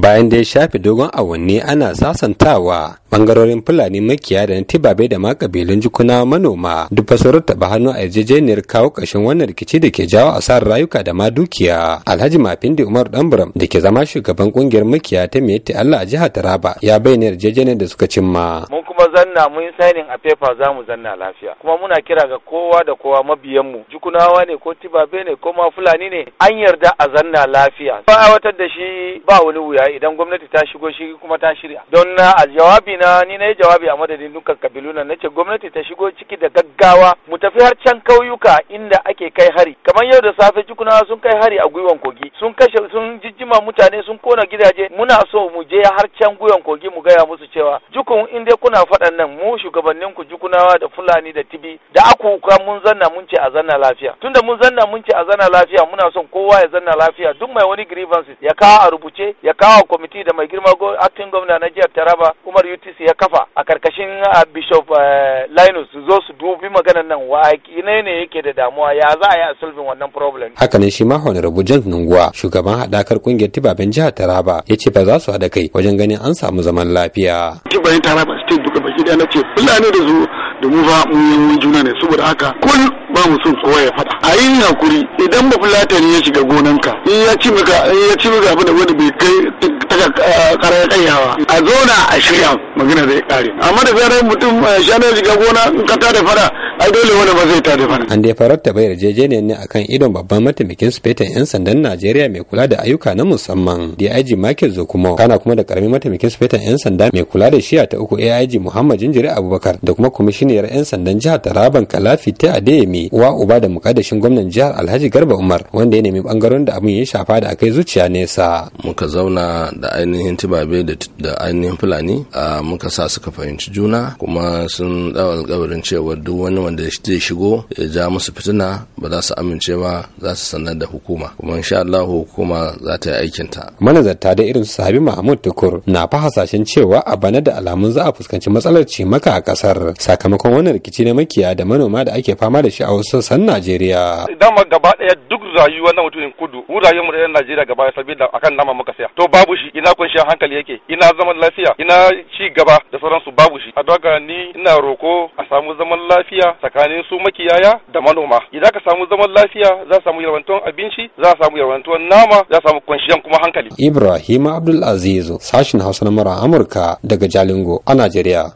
bayan da ya shafe dogon awanni ana sasantawa bangarorin fulani makiya da na tibabe da ma kabilun jikuna manoma duk fasarar taba hannu a yarjejeniyar kawo ƙarshen wannan rikici da ke jawo asarar rayuka da ma dukiya alhaji mafindi umar danburam da ke zama shugaban kungiyar makiya ta mai allah a jihar taraba ya bayyana yarjejeniyar da suka cimma mun kuma zanna mun sainin a fefa za mu zanna lafiya kuma muna kira ga kowa da kowa mabiyanmu jukunawa ne ko tibabe ne ko ma fulani ne an yarda a zanna lafiya ba a watar da shi ba wani wuya idan gwamnati ta shigo shi kuma ta shirya don na a jawabi na ni na yi jawabi a madadin dukkan kabilu na nace gwamnati ta shigo ciki da gaggawa mu tafi har can kauyuka inda ake kai hari kamar yau da safe cikuna sun kai hari a gwiwan kogi sun kashe sun jijjima mutane sun kona gidaje muna so mu je har can gwiwan kogi mu gaya musu cewa jukun in dai kuna faɗan nan mu shugabannin ku jukunawa da fulani da tibi da aku ka mun zanna mun ce a zanna lafiya tunda mun zanna mun ce a zanna lafiya muna son kowa ya zanna lafiya duk mai wani grievances ya kawo a rubuce ya kawo power kwamiti da mai girma go acting governor na jihar Taraba Umar UTC ya kafa a karkashin uh, Bishop uh, Linus zo su dubi maganan nan wa ne ne yake da damuwa ya za a yi a solving wannan problem. Haka ne shi ma Honorable John Nunguwa shugaban hadakar kungiyar tibaben jihar Taraba ya ce ba za su haɗa kai wajen ganin an samu zaman lafiya. Tibaben Taraba state duka baki ɗaya na ce fulani da su da mu fa yi juna ne saboda haka kun ba mu son kowa ya faɗa a yi hakuri idan ba fulatani ya shiga gonanka in ya ci maka in ya ci maka abin da wani bai kai karar tsayawa a zona a shirya magana zai kare amma da zarar mutum eh, shanar shiga gona in ka tada fara ai dole wani ba zai tada bana an dai farar ta bayar jejeniyar ne akan idon babban mataimakin spetan yan sandan Najeriya mai kula da ayyuka na musamman DIG Michael Zokumo kana kuma da karamin mataimakin spetan yan sanda mai kula da shiya ta uku AIG Muhammad Jinjiri Abubakar da kuma kwamishiniyar yan sandan jihar Taraban Kalafi ta Adeyemi wa uba da mukaddashin gwamnan jihar Alhaji Garba Umar wanda ya nemi bangaren da abin ya shafa da akai zuciya nesa muka zauna da ainihin tibabe da ainihin fulani muka sa suka fahimci juna kuma sun dawo alkawarin cewa duk wani wanda zai shigo ya ja musu fitina ba za su amince ba za su sanar da hukuma kuma insha Allah hukuma za ta yi aikin ta manazarta da irin su Sahabi Mahmud Tukur na fa hasashen cewa a bana da alamun za a fuskanci matsalar maka a kasar sakamakon wannan rikici na makiya da manoma da ake fama da shi a wasu sassan Najeriya ma gaba daya duk rayuwar na mutumin kudu mu rayuwar mu da Najeriya gaba daya saboda akan nama muka saya to babu shi ina kunshi hankali yake ina zaman lafiya ina ci gaba da sauransu babu shi a ni ina roko a samu zaman lafiya tsakanin su makiyaya da manoma idan ka samu zaman lafiya za samu yarwantuwan abinci za samu yarwantuwan nama za samu kwanciyar kuma hankali ibrahim azizu sashin hausa na mara amurka daga jalingo a najeriya